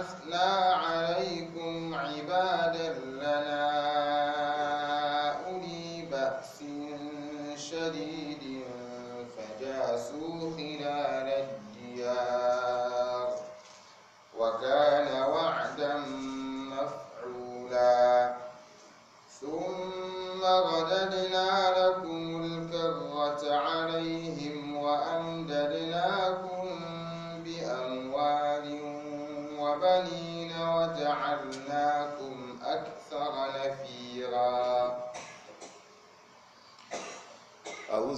nas, na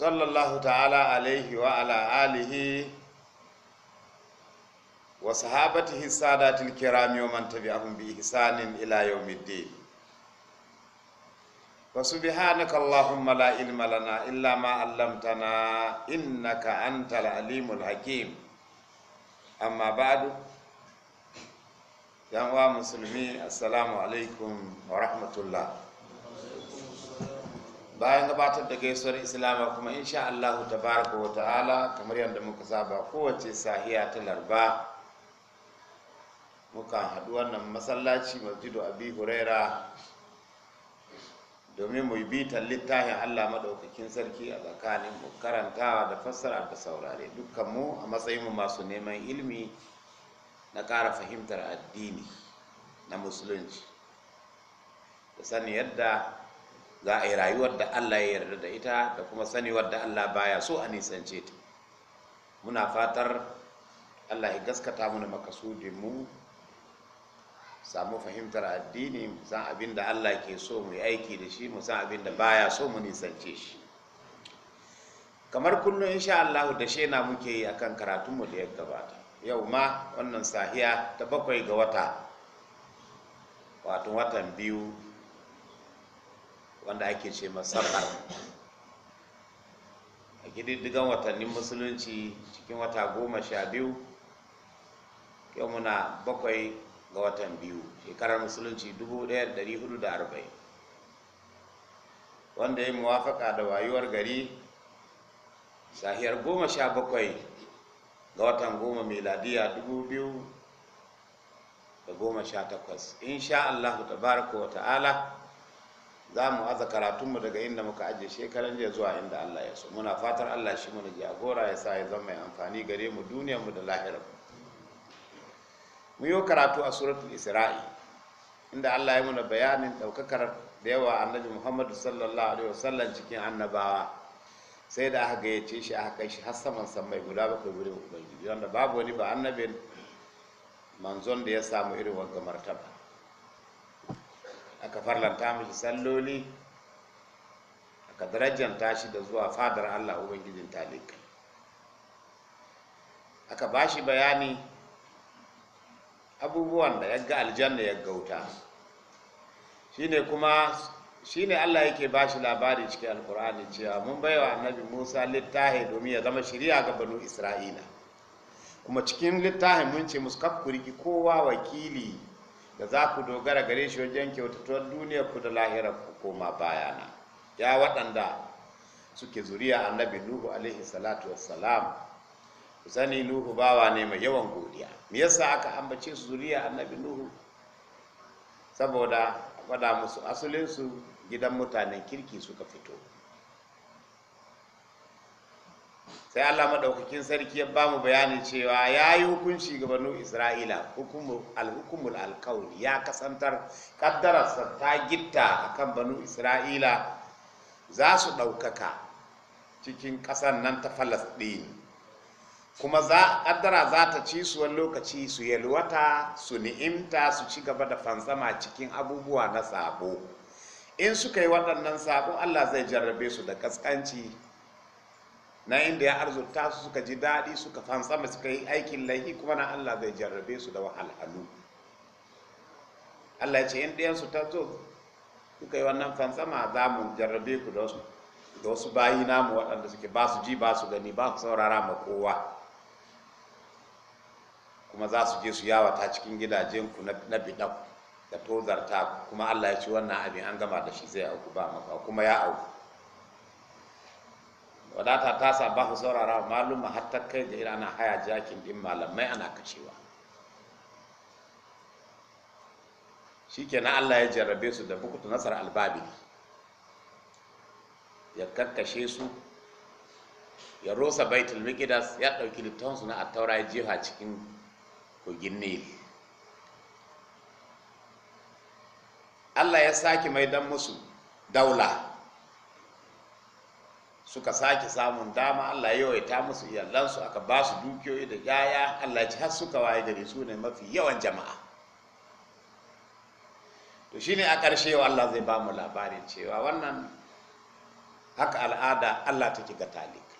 sallallahu ta'ala alaihi wa ala alihi wa sahabatihi sadatil kirami wa man tabi'ahum bi ihsanin ila yawmiddin wa subhanaka allahumma la ilma illa ma 'allamtana innaka antal alimul hakim amma ba'du yan wa musulmi assalamu alaikum wa rahmatullah bayan gabatar da gaisuwar islama kuma insha Allah tabaraka wa ta'ala kamar yadda muka saba kowace sahiya ta larba muka haɗu wannan masallaci masjidu abi huraira domin mu bi littafin Allah maɗaukakin sarki a tsakanin mu karantawa da fassara da saurare dukkanmu a matsayin mu masu neman ilimi na ƙara fahimtar addini na musulunci da sani yadda za a yi rayuwar da Allah ya yarda da ita da kuma sanewar da Allah baya so a nisance ta muna fatar Allah ya gaskata mana makasudin mu samu fahimtar addini mu san abin da Allah ke so mu yi aiki da shi mu san abin da baya so mu nisance shi kamar kullum insha Allah da shena muke yi akan karatun mu da ya gabata yau ma wannan sahiya ta bakwai ga wata wato watan biyu wanda ake ce masarar a gididdigan watannin musulunci cikin wata goma sha biyu yau muna bakwai ga watan biyu shekarar musulunci 1440 wanda ya yi muwafaka da wayuwar gari sahiyar goma sha bakwai ga watan goma goma meladiya 2018 insha allahu tabaraka wa ta'ala za mu aza karatunmu daga inda muka ajiye shekaran jiya zuwa inda Allah ya so muna fatar Allah shi mana jagora ya sa ya zama mai amfani gare mu duniyar mu da lahira mu yi karatu a suratul isra'i inda Allah ya muna bayanin daukakar da yawa annabi Muhammadu sallallahu alaihi wasallam cikin annabawa sai da aka gayyace shi aka kai shi har saman mai guda bakwai gure ubangiji wanda babu wani ba annabin manzon da ya samu irin wanga martaba aka farlanta mishi salloli aka darajanta shi da zuwa fadar Allah ubangijin talik aka ba shi bayani abubuwan da yagga aljanna ya gauta shine kuma shine Allah yake bashi labari cikin alkur'ani cewa mun baiwa annabi Musa littahi domin ya zama shari'a ga banu Isra'ila kuma cikin littahi mun ce musu kafkuriki kowa wakili da za ku dogara gare shi wajen kyautatuwar duniyar ku da lahirar ku koma bayana ya waɗanda suke zuriya annabi nuhu alaihi salatu wassalam ku sani nuhu bawa ne mai yawan godiya me yasa aka ambace su zuriya annabi nuhu saboda a faɗa musu asalinsu gidan mutanen kirki suka fito sai Allah madaukakin sarki ya bamu bayanin cewa ya yi hukunci ga banu Isra'ila hukumul alkauli ya kasantar kaddararsa ta gitta akan banu Isra'ila za su ɗaukaka cikin ƙasar nan ta ɗin kuma za kaddara za ta ci su wani lokaci su yalwata su ni'imta su ci gaba da fansama cikin abubuwa na sabo in suka yi waɗannan sabo Allah zai jarrabe su da kaskanci na inda ya arzuta su suka ji daɗi suka fansama suka yi aikin laifi kuma na Allah zai jarrabe su da wahalhalu Allah ya ce in ɗayansu ta zo suka yi wannan fansama za mu jarrabe ku da wasu bayi namu waɗanda suke ba su ji ba su gani ba su saurara ma kowa kuma za su je su yawata cikin gidajenku na biɗa da tozarta kuma Allah ya ce wannan abin an gama da shi zai auku ba maka kuma ya auku wadata ta sa ba su saurara maluma har ta kai da ana haya jakin din malamai ana kashewa na Allah ya jarrabe su da bukutu nasar albabi ya karkashe su ya rosa baitul mikidas ya dauki su na attaura ya jefa cikin kogin nil Allah ya sake mai dan musu daula suka sake samun dama Allah ya yawaita musu iyalansu aka ba su dukiyoyi da yaya Allah ci har suka waye gari su ne mafi yawan jama'a to shine a ƙarshe wa Allah zai ba mu labarin cewa wannan haka al'ada Allah take ga talik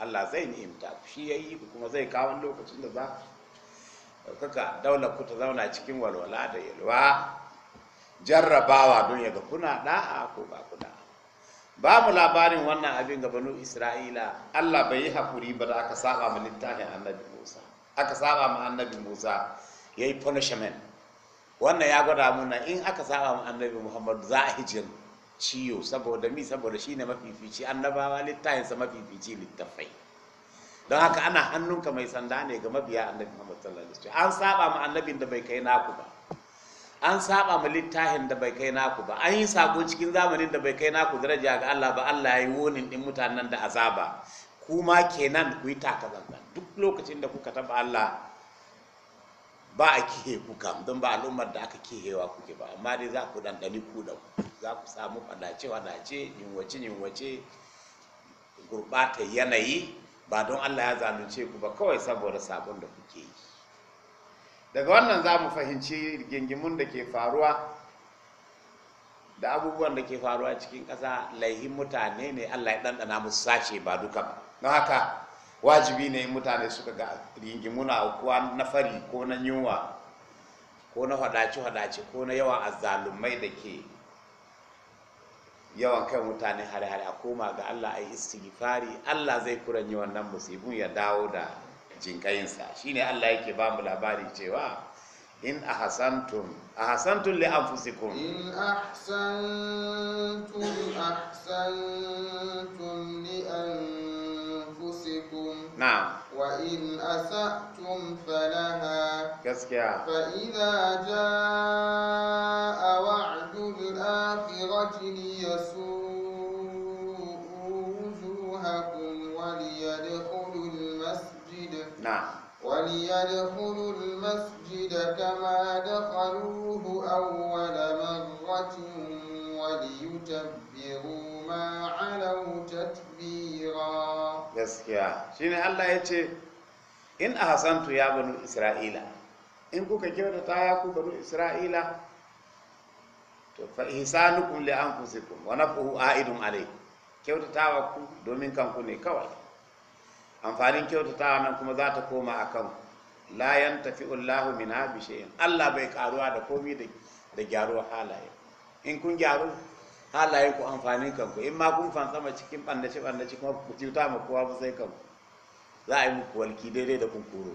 Allah zai ni'imta ku shi yayi kuma zai kawo lokacin da za kaka daular ku ta zauna cikin walwala da yalwa jarrabawa don ya ga kuna da'a ko ba ba mu labarin wannan abin ga banu isra'ila allah bai yi hakuri ba da aka saba ma littafin annabi musa aka saba ma annabi musa ya yi punishment wannan ya gwada muna in aka saba ma annabi muhammadu za a hijin ciyo saboda mi saboda shine mafifici annabawa littafinsa mafifici littafai don haka ana hannunka mai sanda ne ga mabiya annabi muhammadu sallallahu alaihi wasallam an saba ma annabin da bai kai naku ba an saba ma littafin da bai kai naku ba an yi sako cikin zamanin da bai kai naku daraja ga Allah ba Allah ya yi wonin din mutanen da azaba kuma kenan ku yi takazanzan duk lokacin da kuka taba Allah ba a kihe ku kam don ba al'ummar da aka kihewa kuke ba amma dai za ku dandani ku da za ku samu fadace fadace yinwace wace, gurbata yanayi ba don Allah ya zalunce ku ba kawai saboda sabon da kuke yi daga wannan za mu fahimci rigingimun da ke faruwa da abubuwan da ke faruwa cikin ƙasa laihin mutane ne allah ya ɗanɗana musu sace ba duka ba don haka wajibi ne mutane suka ga rigingimuna kuwa na fari ko na yunwa ko na hadace-hadace ko na yawan azalumai da ke yawan kai mutane hare-hare a koma ga allah a yi istighfari allah zai kuranyi wannan musibin ya dawo da jinƙayinsa ne Allah yake ba mu labari cewa in ahsantum ahsantum li anfusikum in ahsantum ahsantum li anfusikum na'am wa in asa'tum falaha gaskiya fa idza jaa wa'dul akhirati yasu نعم وليدخلوا المسجد كما دخلوه أول مرة وليتبروا ما علوا تتبيرا gaskiya shine Allah ya ce in ya banu isra'ila in kuka kyautata ya ku banu isra'ila to fa ihsanukum li anfusikum wa naf'uhu a'idun kyautatawa ku domin kanku ne kawai amfanin kyautatawa nan kuma za ta koma a kan layan tafi Allahu min hafi shayin allah bai karuwa da komi da gyaruwa halaye in kun gyaru halaye ku amfanin kanku in ma kun fansama cikin ɓandace ɓandace kuma ku cuta ma kowa ba sai kanku za a yi muku walki daidai da kunkuru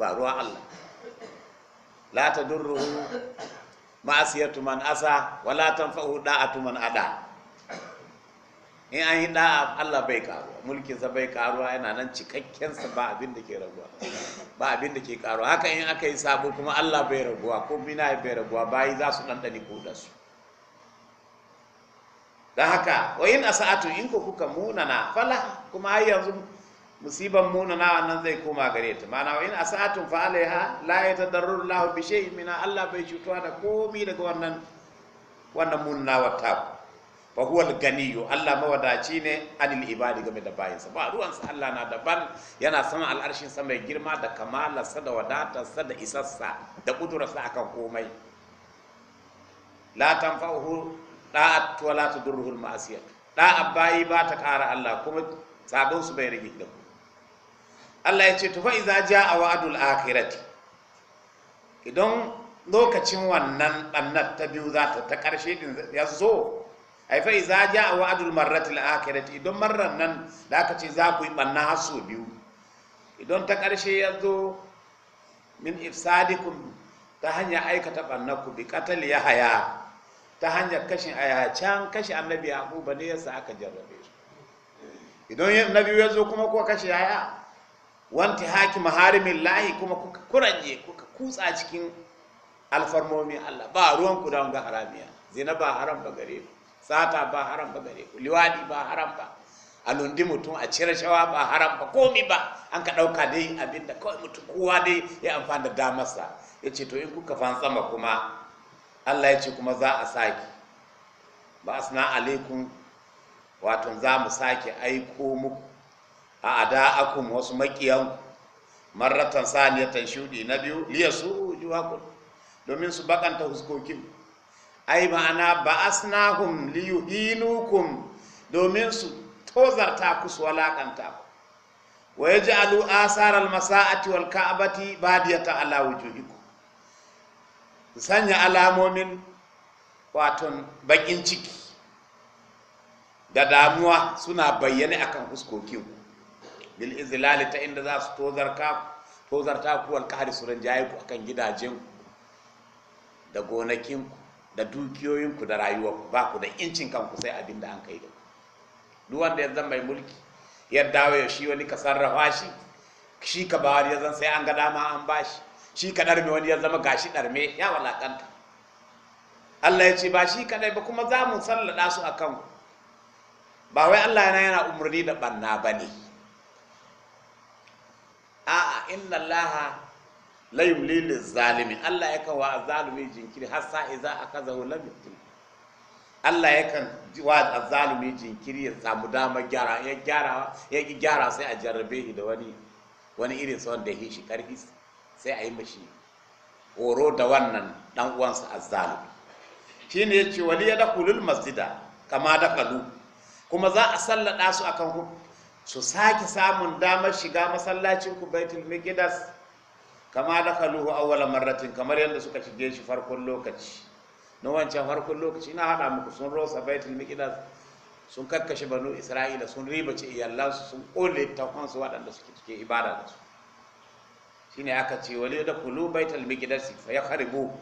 ba ruwa allah la ta durruhu ma'asiyatu man asa wala tanfa'u da'atu man ada in an yi Allah bai karuwa sa bai karuwa yana nan cikakken sa ba abin da ke raguwa ba abin da ke karuwa haka in aka yi sabo kuma Allah bai raguwa ko bina bai raguwa bayi za su ɗanɗani ko su da haka wa in asatu in ko kuka munana fala kuma har yanzu musiban munana wannan zai koma gare ta ma'ana wa in asatu fa alaiha la yatadarru Allah bi shay'in min Allah bai cutuwa da komi daga wannan wannan munana ku. wa huwa al Allah mawadaci ne anil ibadi game da bayinsa ba ruwansa Allah na daban yana sama al'arshin sa mai girma da kamalarsa da wadatarsa da isassa da kudurarsa akan komai la tanfa'uhu da'at wa la tudurruhu al-ma'siyah da'a bayi ba ta kara Allah kuma sabon su bai rage da ku Allah ya ce to fa a ja'a wa'dul akhirati idan lokacin wannan ɗannan ta biyu za ta ta ƙarshe din ya zo ai fa iza jaa wa'dul marratil akhirati idan marran nan da aka ce za ku yi banna hasu biyu idan ta karshe ya zo min ifsadikum ta hanya aikata ku bi ya haya, ta hanyar kashin a can kashe annabi ba ne yasa aka jarrabe su idan na biyu ya zo kuma ko kashe haya wanti haki maharimin lahi kuma kuka kuranye kuka kutsa cikin alfarmomin Allah ba ruwan ku da wanga haramiya zina ba haram ba gare ku sata ba haram ba gare ku liwadi ba haram ba a lundi mutum a cire shawa ba haram ba komi ba an ka ɗauka dai abin da kawai mutum kowa dai ya amfani da damarsa ya ce to in kuka sama kuma allah ya ce kuma za a sake ba asna alaikun watan za mu sake aiko muku a ada'akum wasu makiyan marratan saniyatan shudi na biyu liyasu juhakum domin su bakanta huskokin ai ma'ana ba'asnahum liyuhinukum domin su tozarta ku su walakanta ku wa yaj'alu asar al-masa'ati wal ka'bati badiyata ala wujuhikum sanya alamomin waton bakin ciki da damuwa suna bayyane akan fuskokin ku bil izlali ta inda za su ku tozarta ku wal kahri suran jayi ku akan gidajen ku da gonakin ku da dukiyoyinku da rayuwarku ba ku da incin kanku sai abin da an kai da ku wanda ya zan mai mulki ya dawo ya shi wani ka sarrafa shi shi ka ba wani ya zan sai an ga dama an ba shi shi ka ɗarme wani ya zama gashi ɗarme ya walakanta Allah ya ce ba shi kadai ba kuma za mu sallada su a kanku ba wai Allah yana yana umarni da ɓanna ba ne a'a inna la yumli zalimi Allah yakan wa zalimi jinkiri har sa'iza a kaza lam yutim Allah ya kan wa zalimi jinkiri ya samu damar gyara ya gyara ya ki gyara sai a jarrabe shi da wani wani irin sa wanda ya shi karfi sai a yi mashi horo da wannan dan uwansa azzalimi shine yace wali dakulul masjida kama da dakalu kuma za a sallada su akan su sake samun damar shiga masallacin ku baitul miqdas kama dakaluhu awwala marratin kamar yadda suka shige shi farkon lokaci na wancan farkon lokaci na hada muku sun rosa baitul miqdas sun kakkashe banu isra'ila sun riba ribace iyalansu sun kole tafansu waɗanda suke cike ibada da su shine aka ce wali da kulu baitul miqdas fa yakharibu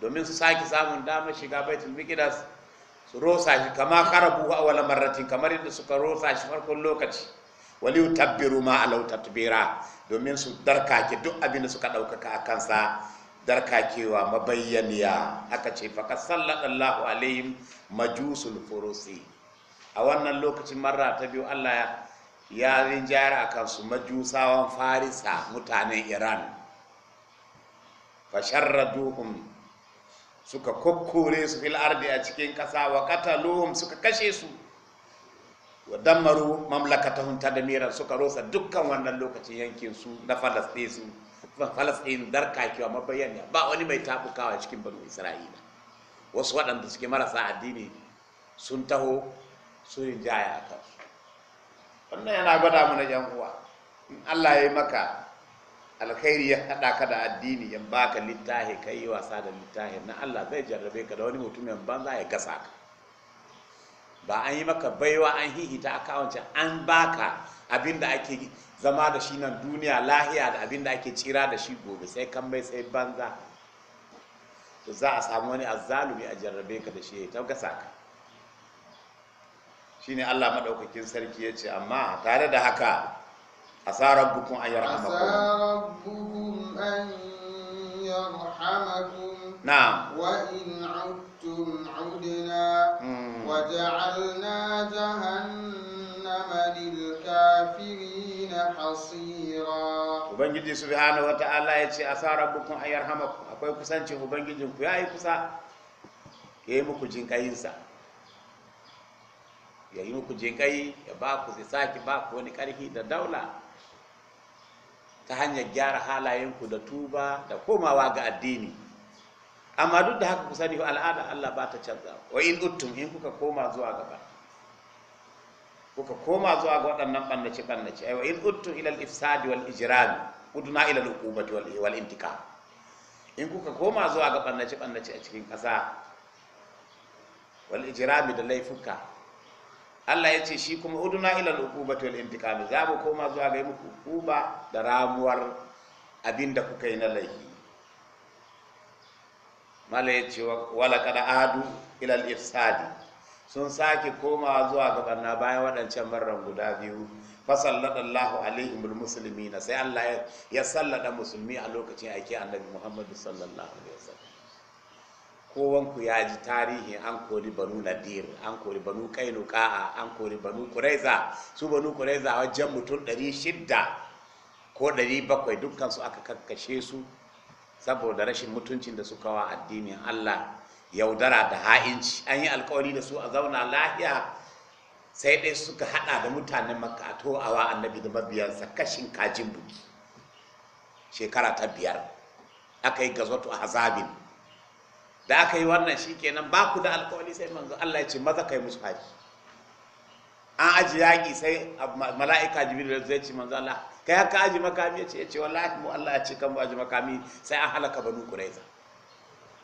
domin su saki samun damar shiga baitul miqdas su rosa shi kama kharabu awwala marratin kamar yadda suka rosa shi farkon lokaci wali tabbiru ma alau tatbira domin su darkake duk abin da suka ɗaukaka a kansa darkakewa mabayyaniya aka ce faka sallallahu alaihim majusul furusi a wannan lokacin marra ta biyu Allah ya rinjayar a kansu majusawan farisa mutanen iran fasharraduhum suka kokkore su fil ardi a cikin ƙasa wa qataluhum suka kashe su wa dammaru mamlakatahum tadmiran suka rosa dukkan wannan lokacin yankin su na falastin su falastin darkakewa mabayyana ba wani mai tabukawa cikin banu isra'ila wasu waɗanda suke marasa addini sun taho sun rinjaya a kansu wannan yana gwada mana yan uwa in allah ya yi maka alkhairi ya haɗa ka da addini ya baka littahi kai yi wasa da littahi na allah zai jarrabe ka da wani mutumin banza ya gasa ka ba an yi maka baiwa an hihita a kawance an baka abin da ake zama da shi nan duniya lahiya da abin da ake tsira da shi gobe sai kan bai sai banza to za a samu wani azzalumi a jarrabe ka da shi ya taugasa ka ne Allah maɗaukakin sarki ya ce amma tare da haka asa rabbukum an yi rahama kuma نعم وإن عدتم عدنا وجعلنا جهنم للكافرين حصيرا وبنجي سبحانه وتعالى يتي أسى ربكم أن يرحمكم akwai kusanci ubangijinku ya yi kusa ya yi muku jinkayinsa ya yi muku jinkayi ya ba ku sake ba ku wani ƙarfi da daula ta hanyar gyara halayenku da tuba da komawa ga addini amma duk da haka ku sani al'ada Allah ba ta canza wa in uttum in kuka koma zuwa gaba kuka koma zuwa ga waɗannan ɓannace ɓannace ai wa in uttum ila al-ifsad wal ijram udna ila al-uqubati wal wal intiqam in kuka koma zuwa ga ɓannace ɓannace a cikin ƙasa wal ijram da laifuka Allah ya ce shi kuma uduna ila al-uqubati wal intiqam za mu koma zuwa ga muku uba da ramuwar abinda kuka yi na laifi mala ya ce walakad adu ilal ifsadi sun sake komawa zuwa ga barna bayan waɗancan barran guda biyu fasallallahu alaihim bil muslimina sai Allah ya sallada musulmi a lokacin aiki annabi Muhammadu sallallahu alaihi wasallam kowan ku ya ji tarihi an kori banu nadir an kori banu kainuka an kori banu kuraiza su banu kuraiza wajen mutum 600 ko 700 dukkan su aka kakkashe su saboda rashin mutuncin da suka wa addinin Allah yaudara da ha'inci an yi alkawari da su a zauna lahiya sai dai suka hada da mutanen makka a to'awa annabi da mabiyansa kashin kajin buki shekara ta biyar aka yi gazoto a hazabin da aka yi wannan shi kenan ba ku da alkawari sai manzo Allah ya ce maza kai musu haji an aji yaƙi sai mala'ika jibril zai ce manzo Allah kai haka aji makami ya ce ya ce wallahi mu Allah ya ce kan ba aji makami sai an halaka banu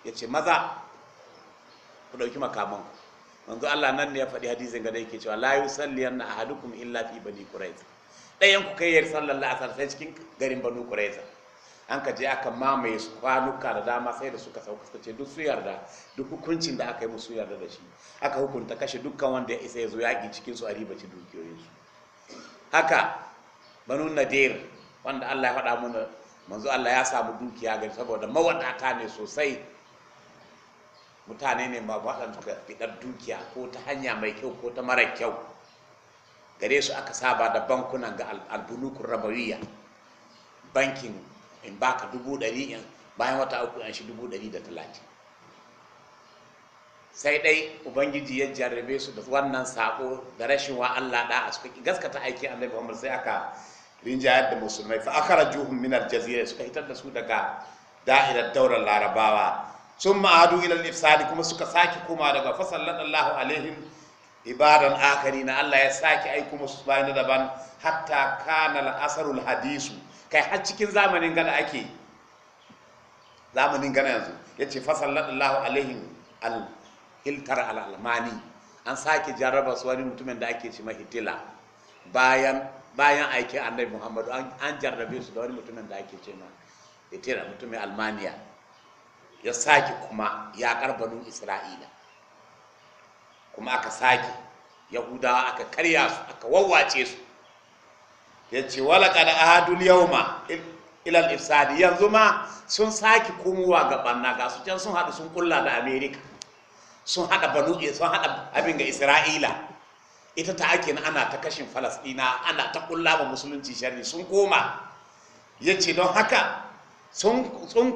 ya ce maza ku dauki makaman ku manzo Allah nan ne ya faɗi hadisin ga da yake cewa la yusalliyanna ahadukum illa fi bani quraiza ɗayan ku kai yar sallar la'asar sai cikin garin banu quraiza an ka je aka mamaye su kwanuka da dama sai da suka sauka suka ce duk su yarda duk hukuncin da aka yi musu yarda da shi aka hukunta kashe dukkan wanda ya isa ya zo yaƙi cikin su a dukiyoyin su haka banu nadir wanda Allah ya faɗa mana manzo Allah ya samu dukiya gari saboda mawadata ne sosai mutane ne ba waɗanda suka fitar dukiya ko ta hanya mai kyau ko ta mara kyau gare su aka saba da bankuna ga albunukun rabawiya bankin in baka dubu ɗari bayan wata uku an shi dubu ɗari da talatin sai dai ubangiji ya jarrabe su da wannan sako da rashin wa Allah da a suka gaskata aiki annabi Muhammad sai aka rinjayar da musulmai fa akhrajuhum min al-jazira suka hitar da su daga da'irar daular larabawa sun ma'adu ila ifsadi kuma suka sake koma daga fasallan Allahu alaihim ibadan akari na Allah ya sake aiko musu bayan daban hatta kana al-asarul hadisu kai har cikin zamanin gana ake zamanin gana yanzu yace fasallan Allahu alaihim al hiltar al'almani an sake jarraba su wani mutumin da ake cima hitila bayan bayan aikin annabi muhammadu an jarrabe su da wani mutumin da ake cima hitila mutumin almaniya ya sake kuma ya karbanin isra'ila kuma aka sake yahudawa aka karya su aka wawace su ya ce walaka da ahadul yauma ilal ifsadi yanzu ma sun sake komowa ga banna ga su can sun haɗu sun kulla da amerika sun hada banu sun hada abin ga isra'ila ita ta ake na ana ta kashin falasɗina ana ta kulla wa musulunci sharri sun koma ya ce don haka sun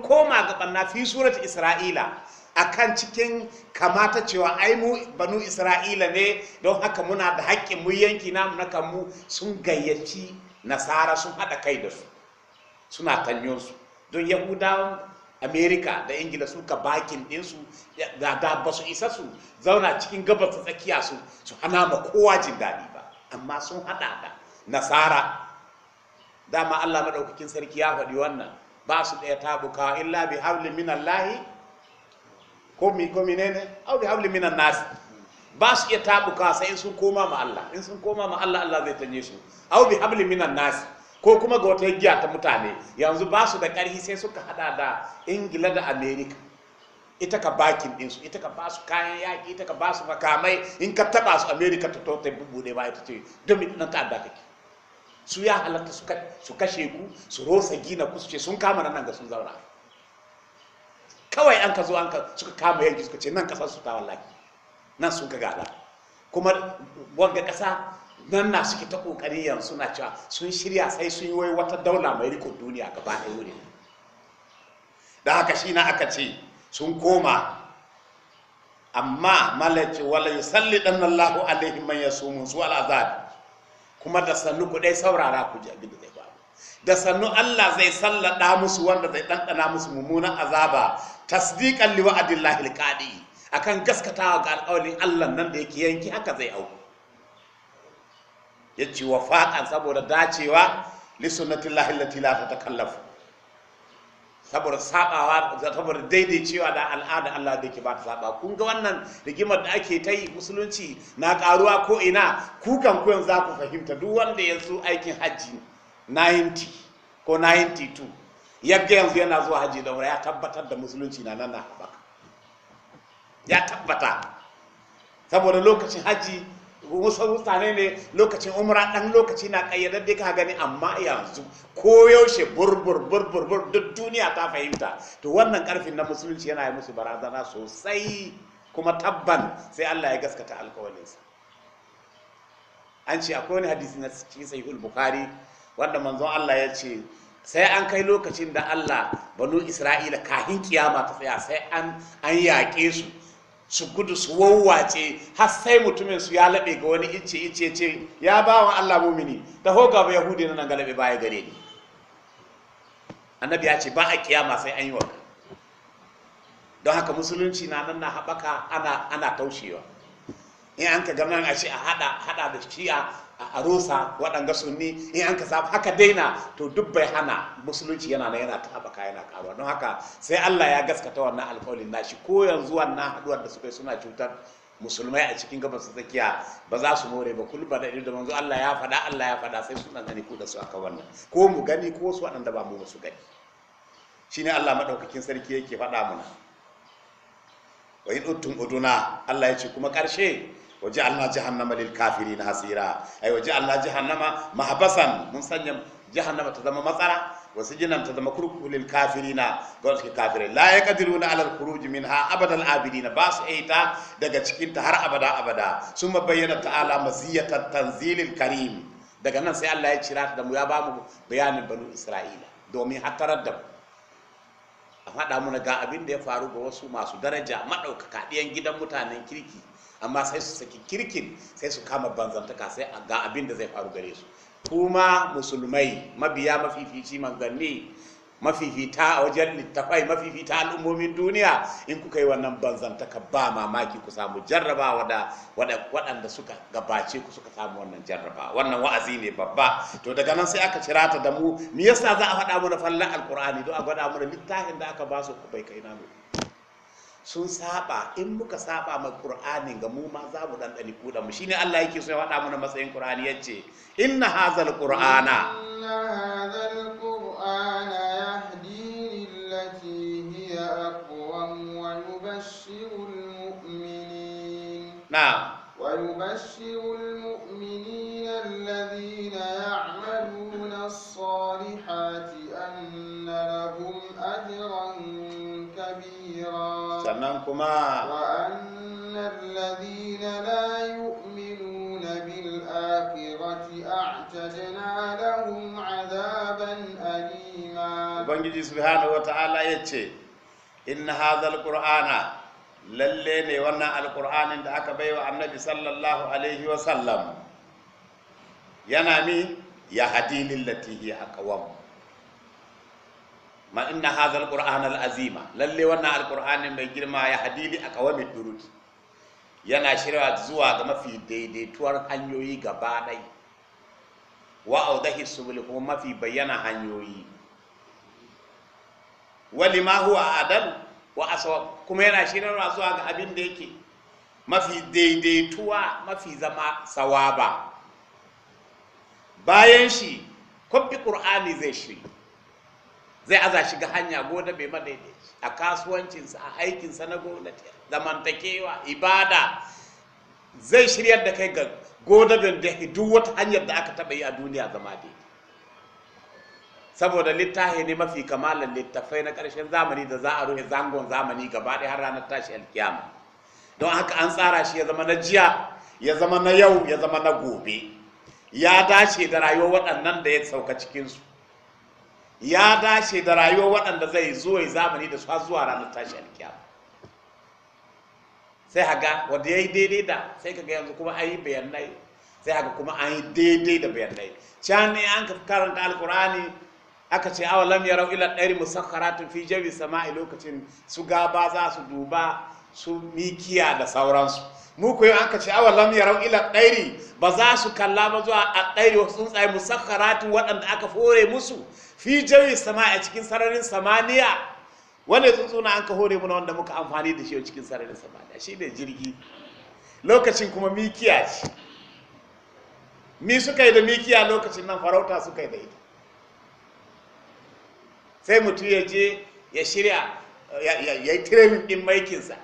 koma ga banna fi surat isra'ila A kan cikin kamata cewa ai mu banu isra'ila ne don haka muna da haƙƙin mu yanki namu na kanmu sun gayyaci nasara sun haɗa kai da su suna tanyo su don yahudawan amerika da ingila suka bakin ɗinsu da ba su isa su zauna cikin gabas ta tsakiya su su hana ma kowa jin daɗi ba amma sun haɗa da nasara dama allah maɗaukakin sarki ya faɗi wannan ba su ɗaya tabuka illa bi hablin minan lahi ko mi ko mi ne au bi hablin minan nasi ba su iya tabuka sai in sun koma ma allah in sun koma ma allah allah zai tanye su au bi hablin minan nasi ko kuma ga wata giya ta mutane yanzu ba su da ƙarfi sai suka hada da ingila da america ita ka bakin ɗinsu ita ka basu kayan yaƙi ita ka basu makamai in ka taɓa su america ta tota bubuɗe ba ita ce domin nan ta adaka kake su ya halatta su kashe ku su rosa gina ku su ce sun kama nan ga sun zauna kawai an ka zo an ka suka kama yanki suka ce nan ƙasar su ta wallaki nan sun ka gada kuma wanga ƙasa nan na suke ta kokari yanzu na cewa sun shirya sai sun yi wai wata daula mai rikon duniya gaba da yuri da haka shi na aka ce sun koma amma malaki wala salli dan Allahu alaihi man yasumun su al kuma da sannu ku dai saurara ku ji abin da zai faru da sannu Allah zai sallada musu wanda zai dandana musu mummunan azaba tasdiqan li alqadi akan gaskatawa ga alƙawarin Allah nan da yake yanki haka zai auku ya ce wa faƙan saboda dacewa na sunnatin lahillati la ta kallafu saboda sabawa saboda daidaicewa da al'ada Allah da ke ba ta saba kun ga wannan rigimar da ake ta yi musulunci na karuwa ko ina kukan ku za ku fahimta duk wanda ya zo aikin hajji 90 ko 92 yadda yanzu yana zuwa hajji da ya tabbatar da musulunci na nan na haɓaka ya tabbata saboda lokacin hajji wasu mutane ne lokacin umra ɗan lokaci na kayyadar da ka gani amma yanzu ko yaushe burbur burbur bur duk duniya ta fahimta to wannan karfin na musulunci yana yi musu barazana sosai kuma tabban sai Allah ya gaskata alkawalinsa an ce akwai wani hadisi na cikin sahihul bukhari wanda manzon Allah ya ce sai an kai lokacin da Allah banu Isra'ila kahin kiyama ta tsaya sai an an yaƙe su su gudu su wawwace har sai mutumin su ya laɓe ga wani ice ice ce ya ba wa Allah mumini ta ho ba yahudi na nan galabe baya gare ni annabi ya ce ba a kiyama sai an yi wa don haka musulunci na nan na haɓaka ana ana taushewa in an ka gama a ce a hada hada da shi'a a harusa waɗanga sunni in an ka zaɓa haka daina to duk bai hana musulunci yana nan yana ka yana karuwa don haka sai Allah ya gaskata wannan alƙawarin nashi ko yanzu wannan haɗuwar da suka yi suna cutar musulmai a cikin gabas tsakiya ba za su more ba kullum ba da da manzo Allah ya faɗa Allah ya faɗa sai suna gani ko da su aka wannan ko mu gani ko su waɗanda ba mu ba su gani shine Allah madaukakin sarki yake faɗa mana wa yi udtum uduna Allah ya ce kuma ƙarshe waje Allah jahannama hasira ai waje Allah jahannama mahbasan mun sanya jahannama ta zama matsara wasu jinan ta zama kurkuku lil kafirina ga kafirai la kadiru na alal kuruji min ha abadal abidina ba su ita daga cikin ta har abada abada sun bayyana ta'ala maziyatan tanzilil karim daga nan sai Allah ya cira ta ya bamu bayanin banu isra'ila domin hatarar da a faɗa muna ga abin da ya faru ga wasu masu daraja maɗaukaka ɗiyan gidan mutanen kirki amma sai su saki kirkin sai su kama banzantaka sai ga abin da zai faru gare su kuma musulmai mabiya mafifici manzanni mafifita a wajen littafai mafifita al'ummomin duniya in kuka yi wannan banzantaka ba mamaki ku samu jarrabawa da waɗanda suka gabace ku suka samu wannan jarraba wannan wa'azi ne babba to daga nan sai aka cira ta da mu me yasa za a faɗa mana fallan alkur'ani don a gwada mana littafin da aka ba su bai kai namu sun saba in muka saba ma qur'ani ga mu ma za mu dan dani kuda mu shine Allah yake so ya wada mana matsayin qur'ani yace inna hazal qur'ana inna hazal qur'ana yahdi lillati hiya aqwam wa yubashshiru almu'minin na'am ويبشر المؤمنين الذين يعملون الصالحات أن لهم أجرا Kabira. sannan kuma wa annal ladina la yu'minuna bil akhirati a'tadna lahum azaban alima ubangiji subhanahu wata'ala yace inna hadha alqur'ana lalle ne wannan alqur'anin da aka baiwa annabi sallallahu alaihi wa sallam yana mi ya latifi a aqwam ma inna hadha alquran alazima lalle wannan alqur'ani mai girma ya hadili a kawami duruki yana shirya zuwa ga mafi daidaituwar hanyoyi gaba ɗai wa audahi subul kuma mafi bayyana hanyoyi wali ma huwa adal wa aswa kuma yana shirya zuwa ga abin da yake mafi daidaituwa mafi zama sawaba bayan shi kwafi ƙur'ani zai shirya zai aza shiga hanya gona ma madaidai a kasuwancinsa a aikinsa na gwamnati zamantakewa ibada zai shiryar da kai ga godabin da duk wata hanyar da aka taɓa yi a duniya zama daidai saboda littafi ne mafi kamalan littafai na karshen zamani da za a ruhe zangon zamani gaba ɗaya har ranar tashi alkiyama don haka an tsara shi ya zama na jiya ya zama na yau ya zama na gobe ya dace da rayuwar waɗannan da ya sauka cikinsu ya dace da rayuwar waɗanda zai zo ya zamani da su zuwa ranar tashi alkiyama sai haga wanda ya yi daidai da sai kaga yanzu kuma an yi bayanai sai haka kuma an yi daidai da bayanai can ne an karanta alkurani aka ce awa lam yarau ila ɗari musakkaratu fi jabi sama'i lokacin su gaba za su duba su mikiya da sauransu mu koyo ka ce awa lam yarau ila ɗari ba za su kalla ba zuwa a ɗari wasu tsuntsaye musakkaratu waɗanda aka fore musu fi jawi sama a cikin sararin samaniya wanda tsuntsuna an ka hore muna wanda muka amfani da shi a cikin sararin samaniya shi ne jirgi lokacin kuma mikiya ce mi suka yi da mikiya lokacin nan farauta suka yi da ita sai mutum ya je ya shirya ya yi tiremin ɗin maikinsa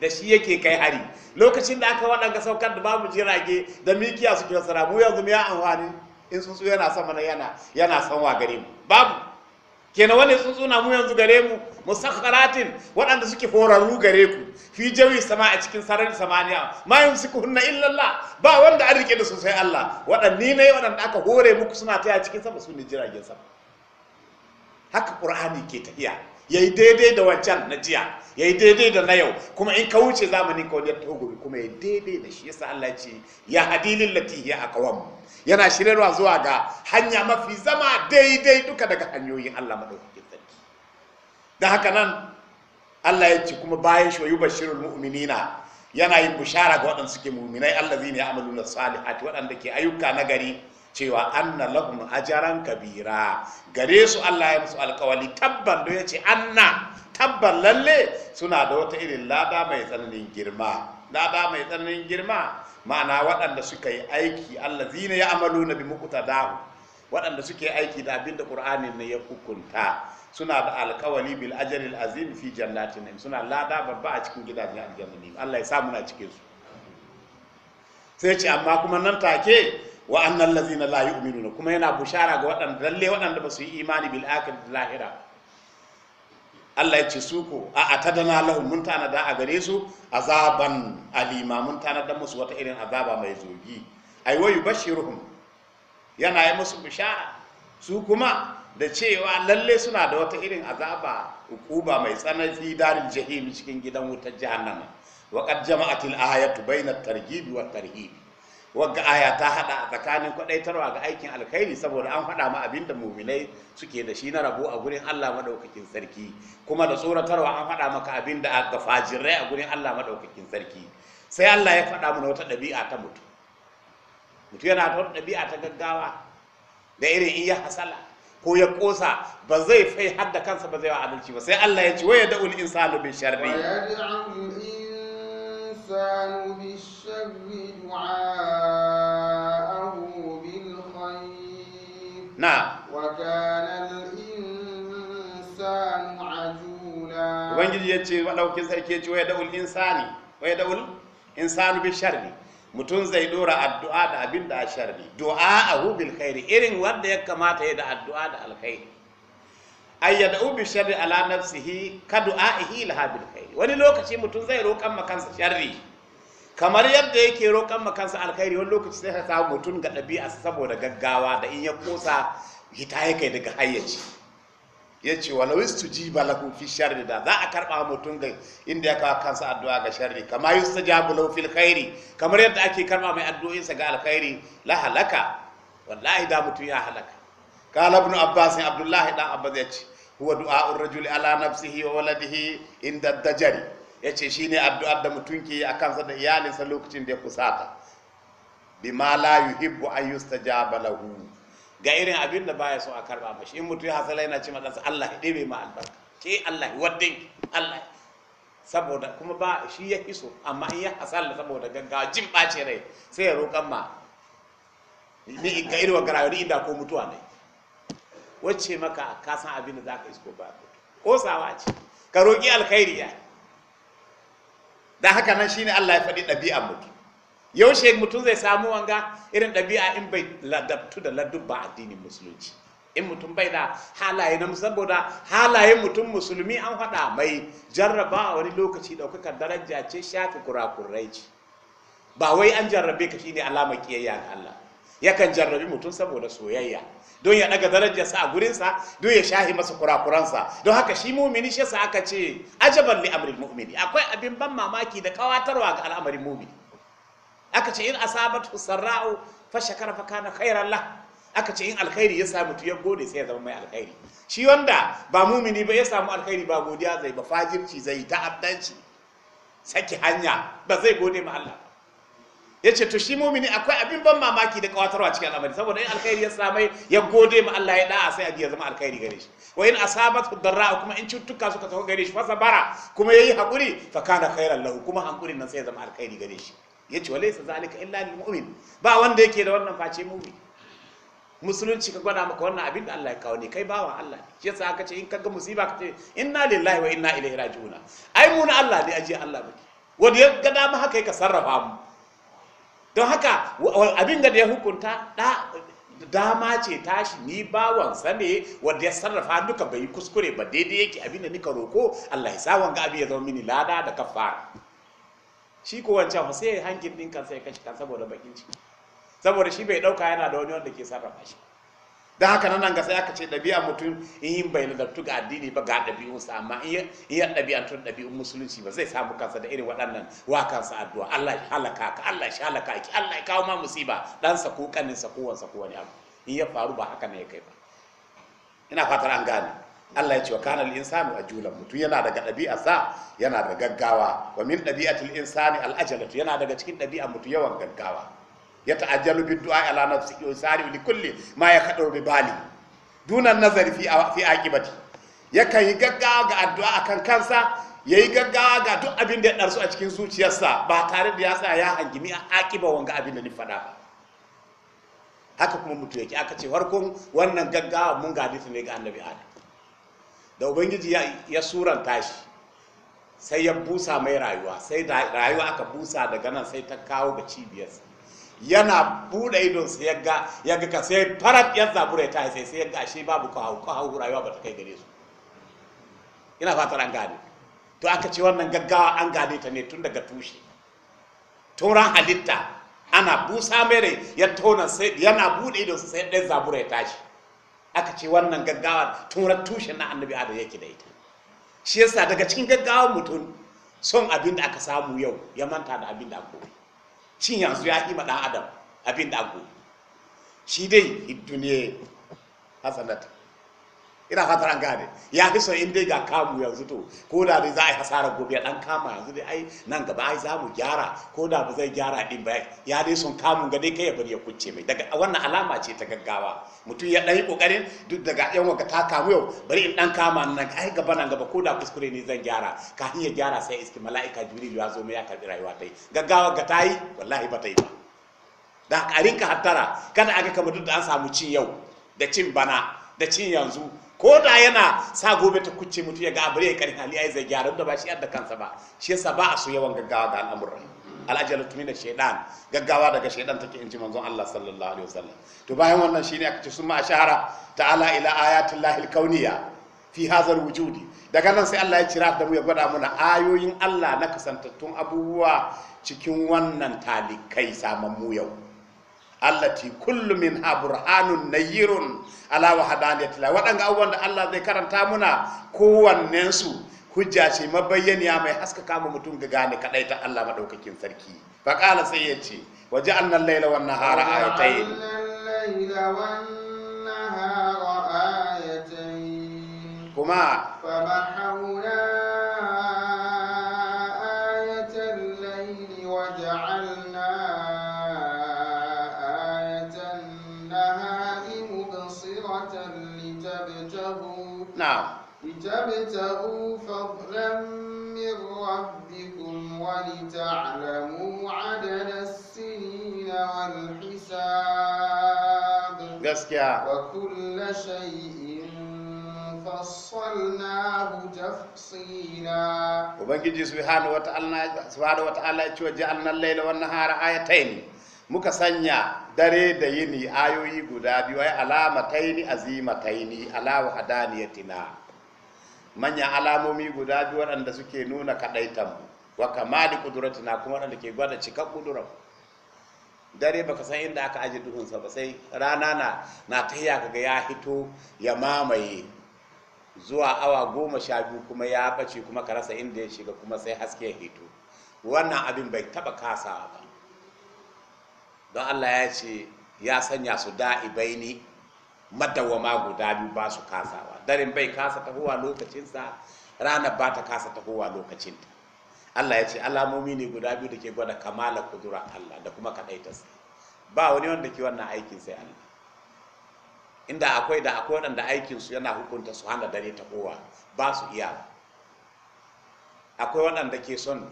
da shi yake kai hari lokacin da aka waɗanda saukar da babu jirage da mikiya suke nasara mu yanzu ya amfani in tsuntsu yana sama na yana yana sanwa gare mu babu kenan wani tsuntsu na mu yanzu gare mu musakharatin waɗanda suke horarru gare ku fi jawi sama a cikin sararin samaniya ma yumsikuhunna illa illallah ba wanda an rike da su sai Allah waɗanni ne waɗanda aka hore muku suna taya cikin sama su ne jiragen sama haka qur'ani ke tafiya yayi daidai da wancan na jiya ya yi daidai da na yau kuma in ka wuce zamanin ka wajen togobi kuma ya daidai da shi yasa Allah ce ya hadilin lati ya akawam yana shirarwa zuwa ga hanya mafi zama daidai duka daga hanyoyin Allah madaukakin sarki da haka nan Allah ya ce kuma bayan shi wayu bashirul mu'minina yana yin bushara ga waɗanda suke mu'minai allazina ya'maluna salihati waɗanda ke ayyuka na gari cewa anna lahum ajaran kabira gare su Allah ya musu alkawali tabban do ya ce anna tabbar lalle suna da wata irin lada mai tsananin girma lada mai tsananin girma ma'ana waɗanda suka yi aiki zina ya amalu na bi dahu waɗanda suke aiki da abin da ƙur'ani ne ya hukunta suna da alƙawali bil ajril azim fi jannatin suna lada babba a cikin gidajen aljanna Allah ya sa muna cikin su sai ce amma kuma nan take wa annal ladzina la yu'minuna kuma yana bushara ga waɗanda lalle waɗanda ba su yi imani bil lahira Allah ya ce su ko a tadana lahum mun tanada a gare su azaban alima mun tanada musu wata irin azaba mai zogi ai wayu bashiruhum yana yi musu bishara su kuma da cewa lalle suna da wata irin azaba hukuba mai tsanani darin jahim cikin gidan wutar jahannama wa qad jama'atil ayatu bainat targhib wa tarhib wagga aya ta hada a tsakanin kwadaitarwa ga aikin alkhairi saboda an faɗa ma abin da muminai suke da shi na rabo a gurin Allah madaukakin sarki kuma da tsoratarwa an faɗa maka abin da aka fajirai a gurin Allah madaukakin sarki sai Allah ya faɗa mana wata ɗabi'a ta mutu. Mutu yana da wata ɗabi'a ta gaggawa da irin iya hasala ko ya kosa ba zai fai hadda kansa ba zai wa adalci ba sai Allah ya ci waya da insanu sanubin sharri الإنسان بالشر دعاءه بالخير نعم وكان الإنسان عجولا ubangiji ya ce maɗaukin sarki ya ce waya da'ul insani waya da'ul insanu bi sharri mutum zai dora addu'a da abin da a sharri du'a a bil irin wanda ya kamata ya da addu'a da alkhairi ayyada ubi bi sharri ala nafsihi ka ihi laha bil wani lokaci mutum zai roƙan kansa sharri kamar yadda yake roƙan kansa alkhairi wani lokaci sai ka samu mutum ga ɗabi'a saboda gaggawa da in ya kosa hita ya kai daga hayyaci ya ce wistu ji lahu fi sharri da za a karɓa mutum ga inda ya kawo kansa addu'a ga sharri kama yustajabu lahu fil khairi kamar yadda ake karɓa mai sa ga alkhairi la halaka wallahi da mutum ya halaka qala ibn abbas abdullahi dan abbas ya ce huwa du'a'ur rajuli ala nafsihi wa waladihi inda dajari yace shine shi da mutum ke a kansa sa da iyalinsa lokacin da ya kusata ma la yuhibbu an yustajaba lahu ga irin abin da baya so a karba mashi in mutum ya hasala yana ce ma kansa Allah ya dibe ma albarka ke Allah waddin Allah saboda kuma ba shi ya iso amma in ya hasala saboda gaggawa jin ɓace rai sai ya roƙan ma ni ga irin wa garayo ni inda ko mutuwa ne wacce maka ka san abin da za ka isko ba kosawa ce ka roƙi alkhairi ya da haka nan shine Allah ya faɗi ɗabi'ar mutum yaushe mutum zai samu wanga irin ɗabi'a in bai ladabtu da ladubba addinin musulunci in mutum bai da halaye na saboda halayen mutum musulmi an faɗa mai jarraba a wani lokaci ɗaukakar daraja ce shafi kurakurai ce ba wai an jarrabe ka shine alamar kiyayya ga Allah yakan jarrabi mutum saboda soyayya don ya daga darajarsa a gurinsa don ya shahi masa kurakuransa don haka shi mumini shi sa aka ce ajaban li amrin mu'mini akwai abin ban mamaki da kawatarwa ga al'amarin mumini aka ce in asabatu sarra'u fa shakara fa kana khairan lah aka ce in alkhairi ya samu ya gode sai ya zama mai alkhairi shi wanda ba mumini ba ya samu alkhairi ba godiya zai ba fajirci zai ta'addanci saki hanya ba zai gode ma Allah ya ce to shi mumini akwai abin ban mamaki da kawatarwa cikin al'amari saboda in alkhairi ya samai ya gode ma Allah ya da'a sai abiya zama alkhairi gare shi wa in asabat darra kuma in cuttuka suka tafi gare shi fasa bara kuma yayi hakuri fa kana khairan lahu kuma hakurin nan sai ya zama alkhairi gare shi yace wa laysa zalika illa lil mu'min ba wanda yake da wannan face mu'min musulunci ka gwada maka wannan abin da Allah ya kawo ne kai bawa Allah shi yasa aka ce in kaga musiba ka ce inna lillahi wa inna ilaihi raji'una ai mu na Allah ne aje Allah ba wanda ya ga dama haka yake sarrafa mu don haka abin da ya hukunta dama ce tashi ni bawansa ne wanda ya sarrafa duka bai kuskure ba daidai yake abin da nika roko Allah ya sa wanga abin ya zama mini lada da kafa shi ko wancan fa sai hangin din kansa ya kashi kan saboda bakin ciki saboda shi bai dauka yana da wani wanda ke sarrafa shi da haka nan ga sai aka ce ɗabi'a mutum in yi bai zartu ga addini ba ga ɗabi'unsa amma in ya ɗabi'antar ɗabi'un musulunci ba zai samu kansa da irin waɗannan wakansa kansa addu'a Allah ya halaka ka Allah ya halaka ki Allah ya kawo ma musiba ɗansa ko ƙaninsa ko wansa ko wani abu in ya faru ba haka ne ya kai ba ina fatar an gane Allah ya ce wa kana al a ajulan mutum yana daga ɗabi'a sa yana da gaggawa wa min ɗabi'atul insani al-ajalatu yana daga cikin ɗabi'a mutum yawan gaggawa ya ta'ajjalu bid du'a ala nafsihi wa sari li kulli ma yakhduru bi bali dunan nazari fi fi aqibati yakan yi gaggawa ga addu'a akan kansa yayi gaggawa ga duk abin da ya darsu a cikin zuciyarsa ba tare da ya tsaya ya hangimi a aqiba wanga abin da ni faɗa ba haka kuma mutu yake aka ce farkon wannan gaggawa mun ga hadisi ne ga annabi adam da ubangiji ya suranta shi sai ya busa mai rayuwa sai rayuwa aka busa daga nan sai ta kawo ga cibiyarsa yana buɗe idon sai ya ga ya ga ka sai farat ya zabura ta sai sai ya ga shi babu ka hawo ka hawo rayuwa ba ta kai gare su ina fatar an gane to aka ce wannan gaggawa an gane ta ne tun daga tushe turan halitta ana busa mai ya tona sai yana buɗe idon sai ɗan zabura ya tashi aka ce wannan gaggawa turan tushen na annabi adam yake da ita shi yasa daga cikin gaggawa mutum son abin da aka samu yau ya manta da abin da aka koyi cin yanzu ya ima ma ɗan adam abin da abu shi dai duniya hasanat ina fatar an gane ya fi son in dai ga kamu yanzu to ko da dai za a yi hasara gobe dan kama yanzu dai ai nan gaba ai za mu gyara ko da ba zai gyara din ba ya dai son kamun ga dai kai ya bari ya kucce mai daga wannan alama ce ta gaggawa mutum ya dan yi kokarin duk daga yan waka ta kamu yau bari in dan kama nan ai gaba nan gaba ko da kuskure ne zan gyara kafin ya gyara sai iski mala'ika jibril ya zo mai ya karbi rayuwa ta gaggawa ga ta yi wallahi ba ta yi ba da a ka hattara kada aga kamar duk da an samu cin yau da cin bana da cin yanzu ko da yana sa gobe ta kucce mutu ya ga abu ya karin hali ya zai gyara da ba shi yadda kansa ba shi yasa ba a so yawan gaggawa ga al'amuran al'ajalar tumi da shaidan gaggawa daga shaidan take in ji manzon Allah sallallahu alaihi wasallam to bayan wannan shine aka ce sun ma shahara ta'ala ila ayatul lahil kauniya fi hazar wujudi daga nan sai Allah ya cira da mu ya gwada muna ayoyin Allah na kasantattun abubuwa cikin wannan talikai mu yau allati kullu min ha burhanun nayyirun ala wahdaniyati la wadanga abubuwan da Allah zai karanta muna kowannen su hujja ce mabayyaniya mai haska kama mutum ga gane kadai ta Allah madaukakin sarki fa qala sai ya ce annal layla wan nahara ayatayn kuma fa وابتغوا فضلا من ربكم ولتعلموا عدد السنين والحساب وكل شيء فصلناه تفصيلا وبنجي سبحانه وتعالى سبحانه وتعالى جعلنا الليل والنهار آيتين muka sanya dare da yini ayoyi guda biyu ay alamataini azimataini ala wahdaniyatina manyan alamomi guda biyu waɗanda suke nuna kaɗaitan mu wa kamali na kuma waɗanda ke gwada cikar kudurar dare ba ka san inda aka aje duhunsa ba sai rana na na yi ga ya hito ya mamaye zuwa awa goma sha biyu kuma ya ɓace kuma ka rasa inda ya shiga kuma sai haske ya hito wannan abin bai taɓa kasawa ba don Allah ya ce ya sanya su da'ibai ne madawama guda biyu ba su kasawa daren bai kasa tahowa lokacinsa ranar ba ta kasa tahowa lokacinta Allah ya ce alamomi ne guda biyu da ke gwada kamala kudura Allah da kuma kaɗaitarsa ba wani wanda ke wannan aikin sai Allah inda akwai da akwai waɗanda aikinsu yana hukunta su hana dare ta kowa, ba su iya akwai waɗanda ke son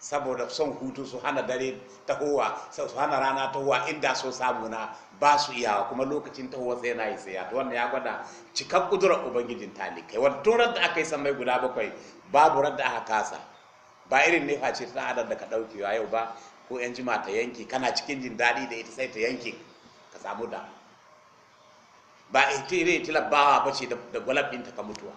saboda son hutu su hana dare tahowa su hana rana tahowa inda so samu na ba su iyawa kuma lokacin tahowa sai na yi tsaya ya wannan ya gwada cikar kudura ubangijin talikai wani turar da aka yi samai guda bakwai babu rar da aka kasa ba irin ne face ta adar da ka wa yau ba ko yan jima ta yanke kana cikin jin daɗi da ita sai ta yanke ka samu da ba ita ire tilabawa ba ce da gwalab ɗinta ka mutuwa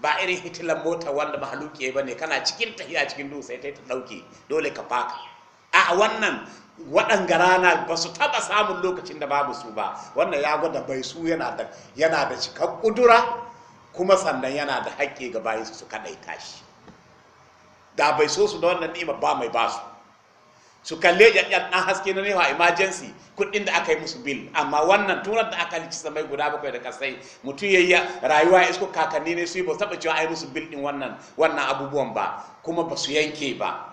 ba irin hitilan mota wanda haluke ba ne kana cikin tahiya cikin duhu sai ta ta dauke dole ka faka a wannan waɗanga rana ba su taɓa samun lokacin da babu su ba wannan ya gwada bai su yana da yana da cikar ƙudura kuma sannan yana da haƙƙi ga bayansu su kaɗai tashi da bai so su da wannan nima ba mai basu su kalle jajjan ɗan haske na newa emergency kuɗin da aka yi musu bil amma wannan turar da aka lici samai guda bakwai da kasai mutum ya yi rayuwa ya isko kakanni ne su yi ba taɓa cewa a yi musu bil ɗin wannan wannan abubuwan ba kuma ba su yanke ba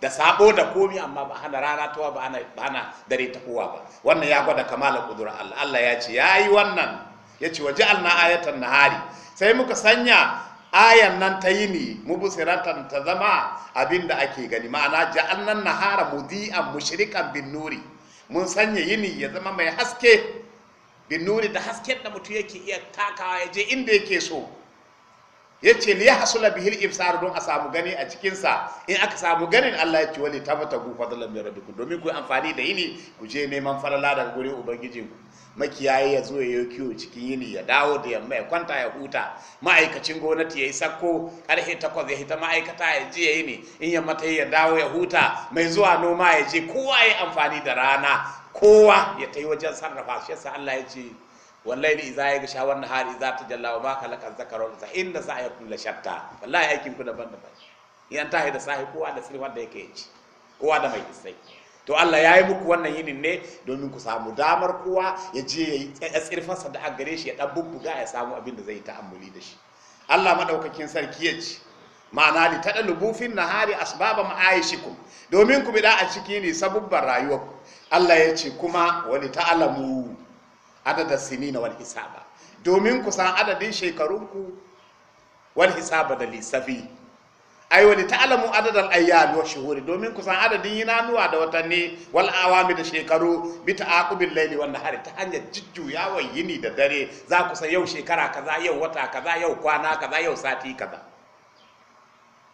da sabo da komi amma ba hana rana towa ba hana dare ta kowa ba wannan ya gwada kamala kudura Allah Allah ya ce ya yi wannan ya ce waje alna ayatan hari sai muka sanya ayan nan ta yi yini mubusiratan ta zama abin da ake gani ma'ana ja'alnan nahara mudi'an mushrikan bin nuri mun sanya yini ya zama mai haske bin nuri da haske da mutum yake iya takawa ya je inda yake so ya ce liya hasula bihil ibsar don a samu gani a cikinsa in aka samu ganin Allah ya ce wani ta ku fadalar fadlan min domin ku amfani da yini ku je neman falala daga gurin ubangijinku makiyayi ya zo ya yi kiwo cikin yini ya dawo da yamma ya kwanta ya huta ma'aikacin gwamnati ya yi sakko karfe takwas ya hita ma'aikata ya je ya yi ne in yamma ta ya dawo ya huta mai zuwa noma ya je kowa ya yi amfani da rana kowa ya ta yi wajen sarrafa shi yasa Allah ya ce wallahi iza ya gasha wannan hari za ta jalla wa baka lakan zakarun sa inda sa ya kula shatta wallahi aikin ku daban daban yan ta da sahi kowa da silwar da yake ci kowa da mai isai to Allah ya yi muku wannan yinin ne domin ku samu damar kowa ya je ya yi tsirfansa da agare shi ya ɗan bubbuga ya samu abin da zai ta'ammuli da shi Allah maɗaukakin sarki ya ci. ma'ana li taɗa lubufin hari asbaba ku. domin ku bida a ciki ne sabubban rayuwarku Allah ya ce kuma wani ta'alamu adada na wani hisaba domin ku san adadin shekarunku wani hisaba da lissafi ai wani ta'alamu adadal ayyami wa shuhuri domin kusan adadin nuwa da watanni wal awami da shekaru bi ta'aqubil layli wan nahari ta hanyar jujjuyawa yini da dare za ku san yau shekara kaza yau wata kaza yau kwana kaza yau sati kaza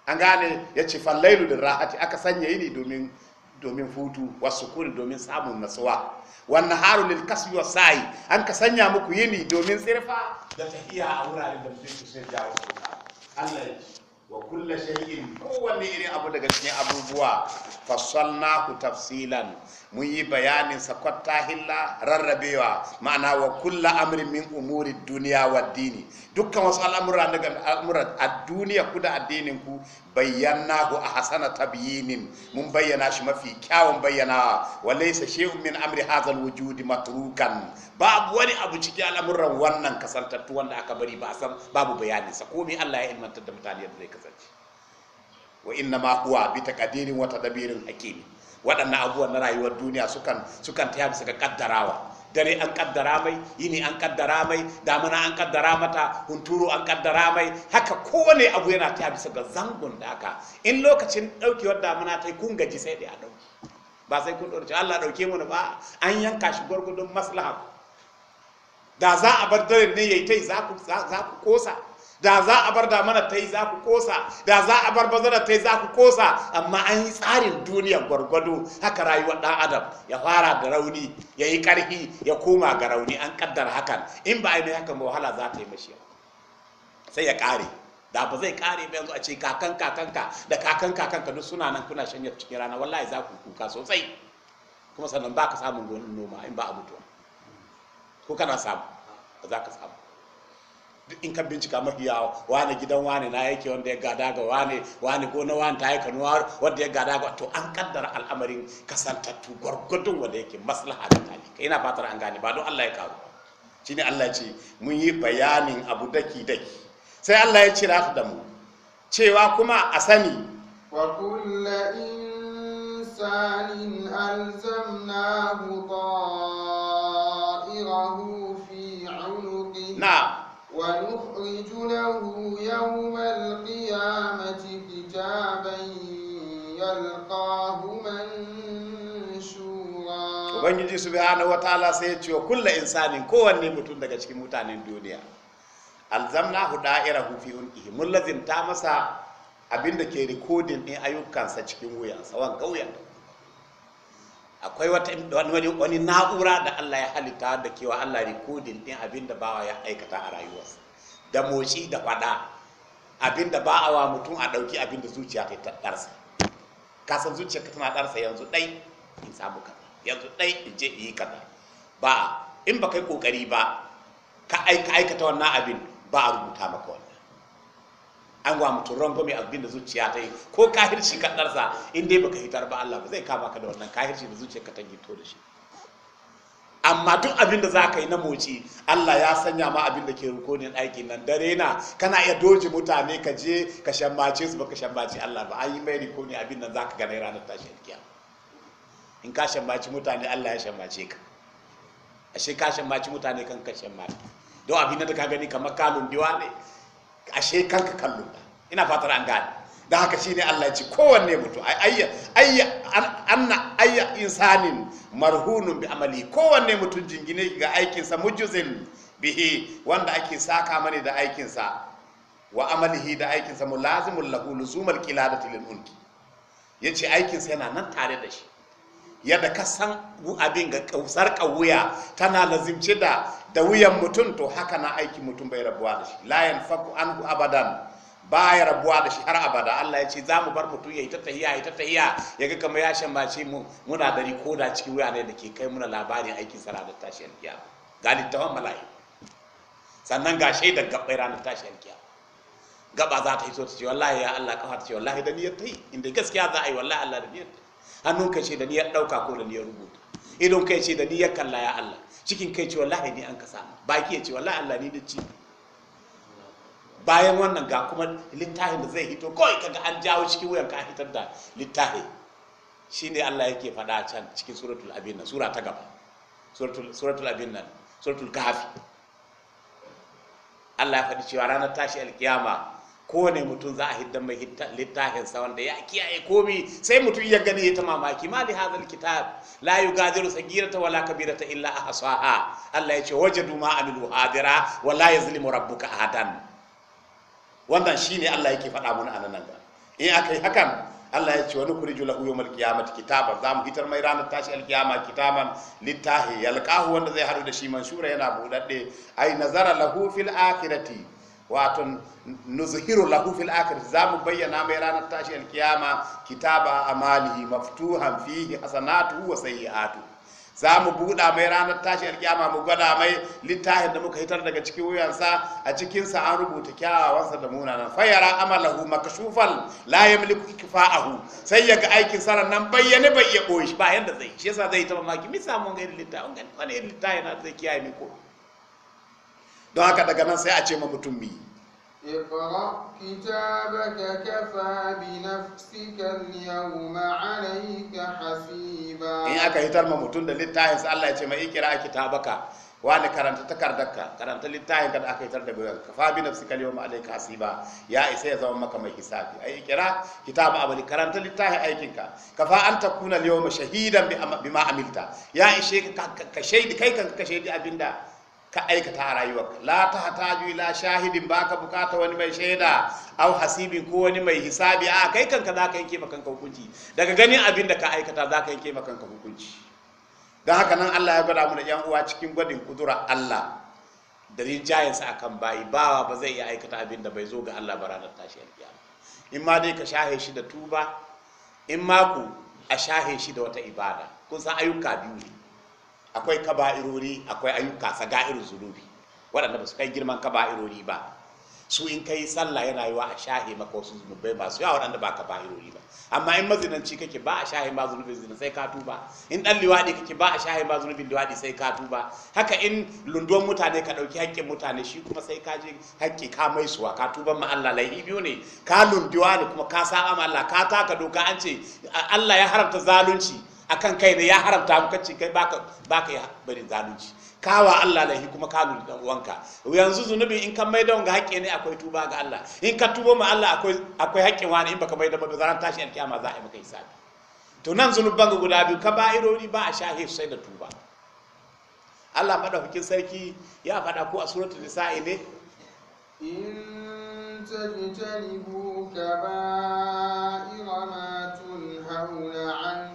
an gane ya ce lailu da rahati aka sanya yini domin domin hutu wasu domin samun natsuwa wan naharu lil kasbi wa sa'i an ka sanya muku yini domin tsirfa da tahiya a wuraren da mutum ke jawo Allah ya wa kulla shay'in kowanne irin abu daga cikin abubuwa ku tafsilan mun yi bayanin sa kwatta hilla rarrabewa ma'ana wa kulla amrin min umuri duniya wa dini dukkan wasu al'amura daga al'amuran a duniya ku da addinin ku ku a hasana tabiyinin mun bayyana shi mafi kyawun bayyana wa laisa shay'un min amri hazal wujudi matrukan babu wani abu ciki al'amuran wannan kasantattu wanda aka bari ba san babu bayani sa komai Allah ya ilmanta da mutane yadda zai kasance wa inna ma huwa bi taqdirin wa tadbirin hakim waɗannan abubuwan na rayuwar duniya sukan sukan ta bisa ga kaddarawa dare an kaddara mai yini an kaddara mai damuna an kaddara mata hunturu an kaddara mai haka kowane abu yana ta bisa ga zangon da aka in lokacin daukewar damuna ta kun gaji sai da ya dauki ba sai kun dauki Allah dauke mu ba an yanka shi gurgudun maslaha da za a bar dare ne yayi tai za ku za ku kosa da za a bar damana ta yi za ku kosa da za a bar bazara ta yi za ku kosa amma an yi tsarin duniya gwargwado haka rayuwa ɗan adam ya fara da rauni ya yi ƙarfi ya koma ga rauni an ƙaddara hakan in ba a yi mai hakan ba wahala za ta yi mashi sai ya ƙare da ba zai ƙare ba yanzu a ce kakan kakanka da kakan kakanka duk suna nan kuna shanya cikin rana wallahi za ku kuka sosai kuma sannan ba ka samun gonin noma in ba a mutuwa ko kana samu ba za ka samu in ka bincika mafi yawo wane gidan wane na yake wanda ya gada ga wane wane ko na wane ta yi kanuwa wanda ya gada ga to an kaddara al'amarin kasantattu gwargwadon wanda yake maslaha da talika ina fatar an gane ba don Allah ya karu shine Allah ce mun yi bayanin abu daki daki sai Allah ya cira da mu cewa kuma a sani wa kullu insanin alzamnahu ta'irahu ونخرجه يوم القيامة حجابا يلقاه منشورا Ubangiji sai ya ce wa kulla kowanne mutum daga cikin mutanen duniya alzamna hu da'ira hu fi unqihi mun lazimta masa abin da ke rikodin din ayyukansa cikin wuyansa wan kauyan akwai wani na'ura da Allah ya halitta da kewa Allah rikodin din abin da bawa ya aikata a rayuwarsa da motsi da fada abin da bawa mutum a ɗauki abin da zuciya ta ɗarsa ka san zuciya ka tana ɗarsa yanzu ɗai in samu kaza yanzu ɗai in je in yi kaza ba in ba kai ƙoƙari ba ka aikata wannan abin ba a rubuta maka wani an wa mutum rango mai abin da zuciya ta yi ko kahirci ka ɗarsa in dai baka hitar ba Allah ba zai kama ka da wannan kahirci da zuciya ka ta gito da shi amma duk abin da za ka yi na moci Allah ya sanya ma abin da ke rukunin aikin nan dare na kana iya doji mutane ka je ka shambace su baka shambace Allah ba an yi mai rukunin abin nan za ka gane ranar tashi alkiya in ka shambaci mutane Allah ya shambace ka ashe ka shambaci mutane kan ka shambace don abin da ka gani kamar kalun diwa ne ashe kanka kallo ina fatar an gane da haka shine Allah ci kowanne mutu ayya ayya anna ayya insanin marhunun bi amali kowanne mutum jingine ga aikinsa mujuzin bihi wanda ake saka mani da aikinsa wa amalihi da aikinsa mu lazimun lahu luzumul qiladati unki mulki yace aikinsa yana nan tare da shi yadda ka san abin ga kausar kawuya tana lazimci da da wuyan mutum to haka na aiki mutum bai rabuwa da shi la faku an abadan ya rabuwa da shi har abada Allah ya ce za mu bar mutum ya yi ta tahiya ya ta tahiya ya ga kamar ya shambace mu muna dari ko da cikin wuya ne da ke kai muna labarin aikin sara da tashi alkiya ga littawan mala'i sannan ga shaidar gabbai ranar tashi alkiya gaba za ta yi so ta ce wallahi ya Allah kafa ta ce wallahi da niyyar ta yi inda gaskiya za a yi wallahi Allah da niyyar ta hannunka ce da niyyar ɗauka ko da niyyar rubuta idon kai ce da niyyar kalla ya Allah cikin kai ce wallahi ni an ka samu baki ya ce wallahi Allah ni da ci bayan wannan ga kuma littafin da zai hito kawai kaga an jawo cikin wuyan ka hitar da littafi shine Allah yake faɗa can cikin suratul abin nan sura ta gaba suratul suratul abin nan suratul kahfi Allah ya faɗi cewa ranar tashi alkiyama kowane mutum za a hidda mai sa wanda ya kiyaye komi sai mutum ya gani ya ta mamaki ma hadhal kitab la yugadiru sagirata wala kabirata illa ahsaha Allah ya ce wajadu ma amilu hadira wala yazlimu rabbuka ahadan wannan shine Allah yake faɗa mana anan nan in akai hakan Allah ya ce wani jula kuriju mal kiyamati kitaba za mu hitar mai ranar tashi alkiyama kitaban littahi yalqahu wanda zai haɗu da shi mansura yana budadde ai nazara lahu fil akhirati wato nuzhiru lahu fil akhir za mu bayyana mai ranar tashi alkiyama kitaba amalihi maftuhan fihi hasanatu wa sayiatu za mu buɗa mai ranar tashi alkiyama mu gwada mai littafin da muka hitar daga cikin wuyansa a cikinsa an rubuta kyawawansa da munanan fayara amalahu makashufal la yamliku kifa'ahu sai ya ga aikin saran nan bayyane bai ya koyi ba yanda zai shi yasa zai ta mamaki mi samu ga irin littafin wani irin littafin da zai kiyaye ni ko don haka daga nan sai a ce ma mutum mi اقرأ كتابك كفى بنفسك اليوم عليك حسيبا إن أكا هتر ممتون للتاهن سألا يتما إقرأ كتابك wani karanta takardarka karanta littafin ka da aka yi tar da bayan ka fa bi nafsi kal yawma alayka hasiba ya isa ya zama maka mai hisabi ai kira kitabu abali karanta littafin aikinka ka fa an takuna al yawma shahidan bima amilta ya ishe ka ka shaidi kai kan ka shaidi abinda ka aikata a rayuwarka la ta hataju la shahidin baka bukata wani mai shaida au hasibin ko wani mai hisabi a kai kanka za ka yanke makanka hukunci daga ganin abin da ka aikata za ka yanke makanka hukunci don haka nan Allah ya gwada mu da yan uwa cikin gwadin kudura Allah da rinjayensa akan bayi bawa ba zai iya aikata abin da bai zo ga Allah ba ranar tashi alkiyama in ma dai ka shahe shi da tuba in ma ku a shahe shi da wata ibada kun san ayyuka biyu ne akwai kaba'irori akwai ayyuka saga'irun zunubi waɗanda ba su kai girman kaba'irori ba su in kai sallah yana yiwa a shahe maka wasu zunubai masu yawa waɗanda ba kaba'irori ba amma in mazinanci kake ba a shahe ma zunubin zina sai ka tuba in ɗan liwaɗi kake ba a shahe ma zunubin liwaɗi sai ka tuba haka in lunduwan mutane ka ɗauki haƙƙin mutane shi kuma sai ka je haƙƙi ka mai suwa ka tuba ma Allah laifi biyu ne ka lunduwa ne kuma ka sa'a ma Allah ka taka doka an ce Allah ya haramta zalunci akan kai ne ya haramta muka ce kai baka baka ya bari zalunci kawa Allah lahi kuma ka lura dan uwanka yanzu zunubi in ka maida wanga haƙƙi ne akwai tuba ga Allah in ka tuba ma Allah akwai akwai haƙƙin wani in baka maida ba zan tashi alkiyama za a yi maka hisabi to nan zunuban ga guda biyu ka ba irori ba a shahe sai da tuba Allah madaukakin sarki ya faɗa ko a suratul nisa'i ne in tajtanibu kaba'ira ma tunhauna an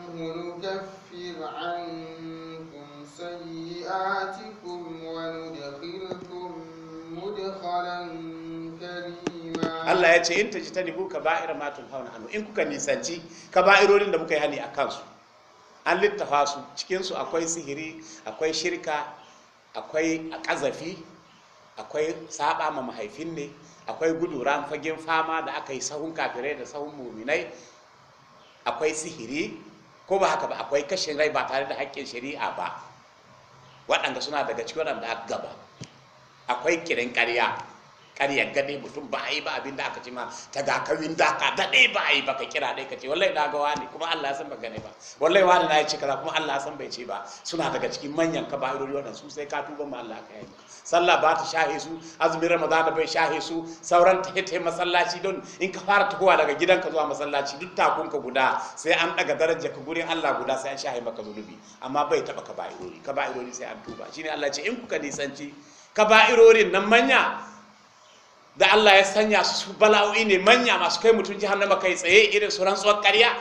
Allah ya ce in ta ta nibu ka ba'ira matul hauna hannu in kuka nisanci ka ba'irorin da muka yi hani a kansu an littafa su cikinsu akwai sihiri akwai shirka akwai kazafi akwai saba ma mahaifin ne akwai gudu ran fagen fama da aka yi sahun kafirai da sahun muminai akwai sihiri ko ba haka ba akwai kashin rai ba tare da haƙƙin shari'a ba waɗanda suna daga cikin waɗanda aka gaba akwai kirin ƙarya kar ya gane mutum ba a yi ba abin da aka ce ma ta ga ka da ka daɗe ba a yi ba ka kira ɗai ka ce wallai na ga wani kuma Allah san ba gane ba wallai wani na ya ce kaza kuma Allah san bai ce ba suna daga cikin manyan kaba'irori wannan su sai ka tuba ma Allah ka yi sallah ba ta shahe su azumin ramadan bai shahe su sauran ta hita masallaci don in ka fara takowa daga gidan ka zuwa masallaci duk takun ka guda sai an daga daraja ka gurin Allah guda sai an shahe maka zunubi amma bai taba kaba'irori kaba'irori sai an tuba shine Allah ce in kuka nisanci kaba'irorin nan manya da Allah ya sanya su bala'o'i ne manya masu kai mutum jahannama kai tsaye irin su rantsuwar karya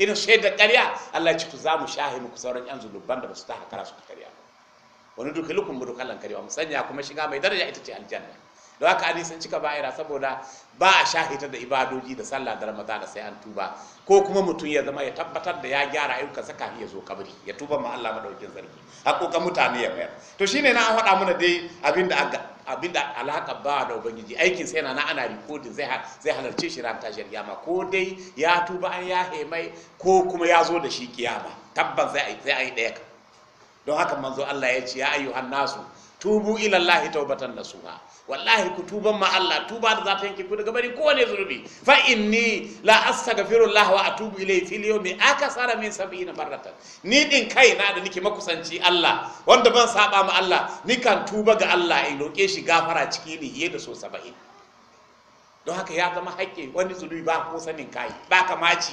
irin su shaidar ƙarya Allah ya ci ku za mu shahi muku sauran yan zulubban da ba su ta hakara su ƙarya wani duka lukun mu dukkan lankari mu sanya kuma shiga mai daraja ita ce aljanna da haka ani sun cika ba'ira saboda ba a shahita da ibadoji da sallah da ramadana sai an tuba ko kuma mutum ya zama ya tabbatar da ya gyara ayyuka saka kafin ya zo kabari ya tuba ma Allah madaukin zargi hakokan mutane ya mayar to shine na an faɗa mana dai abin da aka abinda alaka ba da ubangiji aikin sai na ana recording zai zai halarce shi ran tashar kiyama ko dai ya tuba an ya mai ko kuma ya zo da shi kiyama tabbas zai zai ai daya don haka manzo Allah ya ce ya ayyuhan nasu tubu ila Allah tawbatan nasuha wallahi ku tuban ma Allah tuba da za ta yanke ku daga bari ko kowane zunubi fa inni la astaghfirullah wa atubu ilayhi fil yawmi sara min sab'ina marratan ni din kai na da nake makusanci Allah wanda ban saba ma Allah ni kan tuba ga Allah in roke shi gafara ciki ni yayi da so 70 don haka ya zama haƙƙi wani zunubi ba ko sanin kai ba maci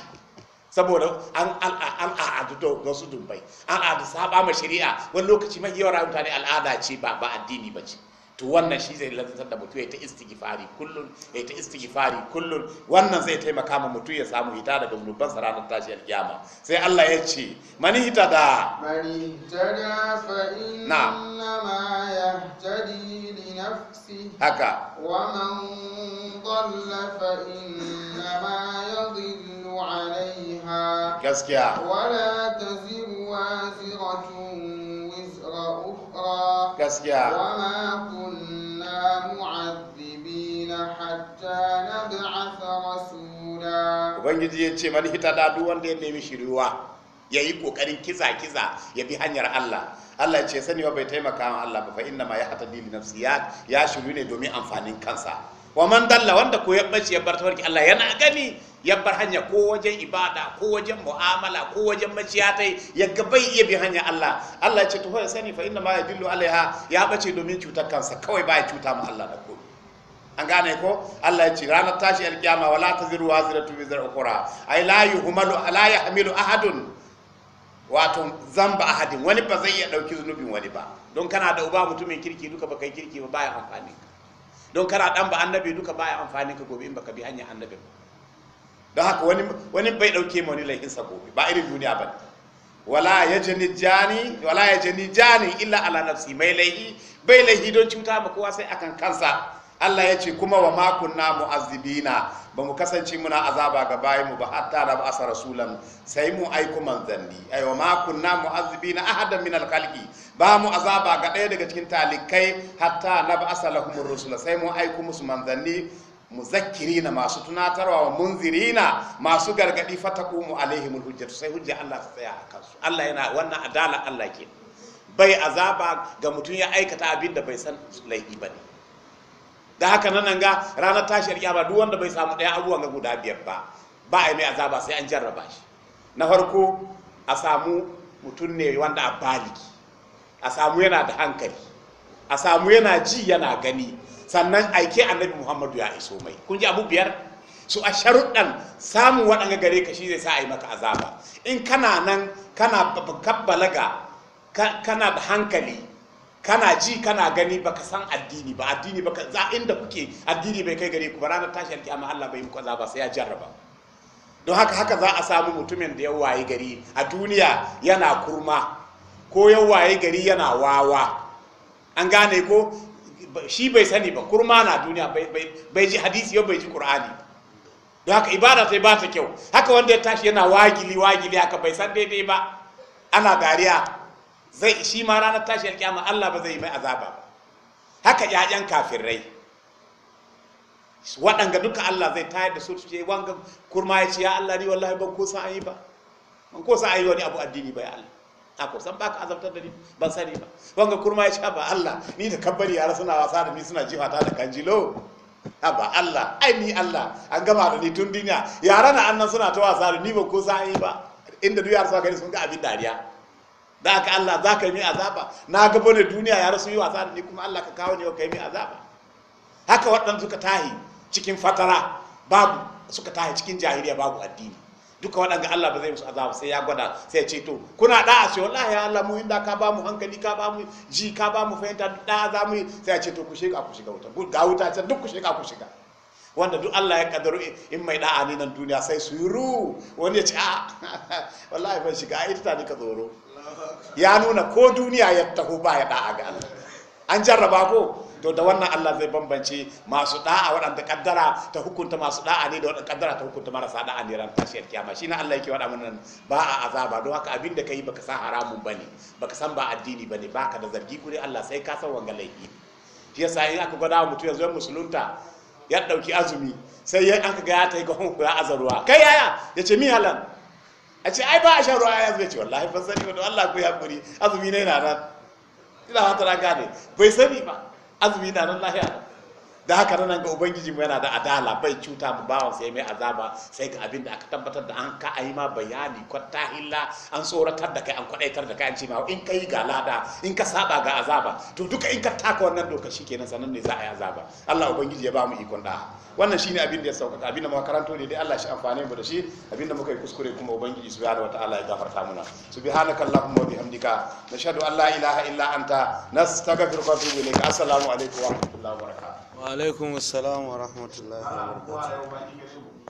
saboda an an al'adu da wasu dumbai an al'adu saba ma shari'a wani lokaci mai yawan mutane al'ada ce ba ba addini ba ce to wannan shi zai lantar da mutum ya ta istighfari kullun ya ta istighfari kullun wannan zai taimaka ma mutum ya samu hita daga zunuban sa ranar tashi alkiyama sai Allah ya ce mani hita da mani hita da fa inna ma yahtadi li nafsi haka wa man dalla fa inna ma yadhillu alaiha gaskiya wala taziru waziratun gaskiya ubangiji ya ce mani hita da duk wanda ya nemi shiruwa ya yi kokarin kiza kiza ya bi hanyar Allah Allah ce sani wa bai taimaka wa Allah ba fa inna ma ya hata dili nafsiyat ya shiru ne domin amfanin kansa wa man dalla wanda ko ya bace ya bar tawarki Allah yana gani ya bar hanya ko wajen ibada ko wajen mu'amala ko wajen maciyatai ya ga bai iya bi hanya Allah Allah ya ce to sani fa inna ma yadillu alaiha ya bace domin cutar kansa kawai ba ya cuta ma Allah da ko an gane ko Allah ya ce ranar tashi alkiyama wala taziru waziratu bizar ukura ai la yuhmalu la yahmilu ahadun wato zamba ahadin wani ba zai iya dauki zunubin wani ba don kana da uba mutumin kirki duka baka kirki ba baya amfani don kana dan ba annabi duka baya amfani ka gobe in baka bi hanya annabi ba don haka wani bai dauke ma wani laifinsa gobe ba irin duniya ba wala ya jani jani illa ala nafsi mai laifi bai laifi don cuta ba kowa sai akan kansa Allah ya ce kuma wa makunna mu'azzibina ba mu kasance muna azaba ga bayan mu ba hatta da ba'asa rasulan sai mu aiku manzanni yi wa makunna mu'azzibina ahadan min alkhalqi ba mu azaba ga ɗaya daga cikin talikai hatta na ba'asa lahumur rusula sai mu aiku musu manzanni na masu tunatarwa wa munzirina masu gargadi fataqumu alaihi hujjatu sai hujja Allah ta tsaya a kansu Allah yana wannan adala Allah ke bai azaba ga mutum ya aikata abin da bai san laifi ba ne da haka nan ga ranar tashiyar kiyama duk wanda bai samu ɗaya abubuwan ga guda biyar ba ba a yi mai azaba sai an jarraba shi na farko a samu mutum ne wanda a baliki a samu yana da hankali a samu yana ji yana gani sannan aike annabi muhammadu ya iso mai kun ji abu biyar su a sharuɗan samun waɗanga gare ka shi zai sa a yi maka azaba in kana nan kana kabbalaga kana da hankali kana ji kana gani baka san addini ba addini baka za inda kuke addini bai kai gare ku ba ranar tashi alkiyama Allah bai muku azaba sai ya jarraba don haka haka za a samu mutumin da ya waye gari a duniya yana kurma ko ya waye gari yana wawa an gane ko shi bai sani ba kurma na duniya bai ji hadisi yau bai ji qur'ani don haka ibada sai ba ta kyau haka wanda ya tashi yana wagili wagili haka bai san daidai ba ana dariya zai shi ma ranar tashi alkiyama Allah ba zai mai azaba ba haka ƴaƴan kafirai waɗanga duka Allah zai tayar da su su ce wanga kurma ya ce ya Allah ni wallahi ban ko ayi ba ban ko ayi wani abu addini ba ya Allah na ko san baka azabtar da ni ban sani ba wanga kurma ya sha ba Allah ni da kabbari yara suna wasa da ni suna ta da kanjilo ba Allah ai ni Allah an gama da ni tun duniya yara na annan suna ta wasa da ni ba ko yi ba inda duk yara suka gani sun ga abin dariya da aka Allah za ka yi mi azaba na ga bane duniya yara sun yi wasa da ni kuma Allah ka kawo ni ka yi mi azaba haka waɗanda suka tahi cikin fatara babu suka tahi cikin jahiliya babu addini duka waɗanda Allah ba zai musu azabu sai ya gwada sai ya ce to kuna da'a sai wallahi ya Allah mu inda ka ba mu hankali ka ba mu ji ka ba mu fahimta da za mu yi sai ya ce to ku shiga ku shiga wuta ga wuta can duk ku shiga ku shiga wanda duk Allah ya kaddaru in mai da'a ne nan duniya sai su yuru wani ya ce a ah, wallahi ban shiga ita ta ni ka tsoro ya nuna ko duniya ya taho ba ya da'a ga Allah an jarraba ko to da wannan Allah zai bambance masu da'a waɗanda kaddara ta hukunta masu da'a ne da waɗanda kaddara ta hukunta marasa da'a ne ran tashiyar kiyama shine Allah yake waɗa mana ba a azaba don haka abin da kai baka san haramun bane baka san ba addini bane baka da zargi kuri Allah sai ka san wanga laifi shi yasa in aka gwada mutum yanzu yan musulunta ya ɗauki azumi sai ya aka ga ya ta yi ga hunku ya azarwa kai yaya ya ce mi halan a ce ai ba a sharuwa ya zai ce wallahi ban sani ba Allah ku ya kuri azumi ne na nan ina hatara gane bai sani ba azumi na nan lahiya da haka nan ga ubangiji mu yana da adala bai cuta mu bawan sai mai azaba sai ga abin da aka tabbatar da an ka ayi ma bayani kwata hilla an tsoratar da kai an kwadaitar da kai an ce ma in kai ga lada in ka saba ga azaba to duka in ka taka wannan doka shikenan sanan ne za a yi azaba Allah ubangiji ya ba mu iko da wannan shine abin da ya sauka abin da muka karanto ne dai Allah shi amfane mu da shi abin da muka yi kuskure kuma ubangiji subhanahu wataala ya gafarta mana subhanaka allahumma wa bihamdika nashhadu an la ilaha illa anta nastaghfiruka wa atubu ilaik assalamu alaikum wa rahmatullahi wa barakatuh wa alaikum wa rahmatullahi wa barakatuh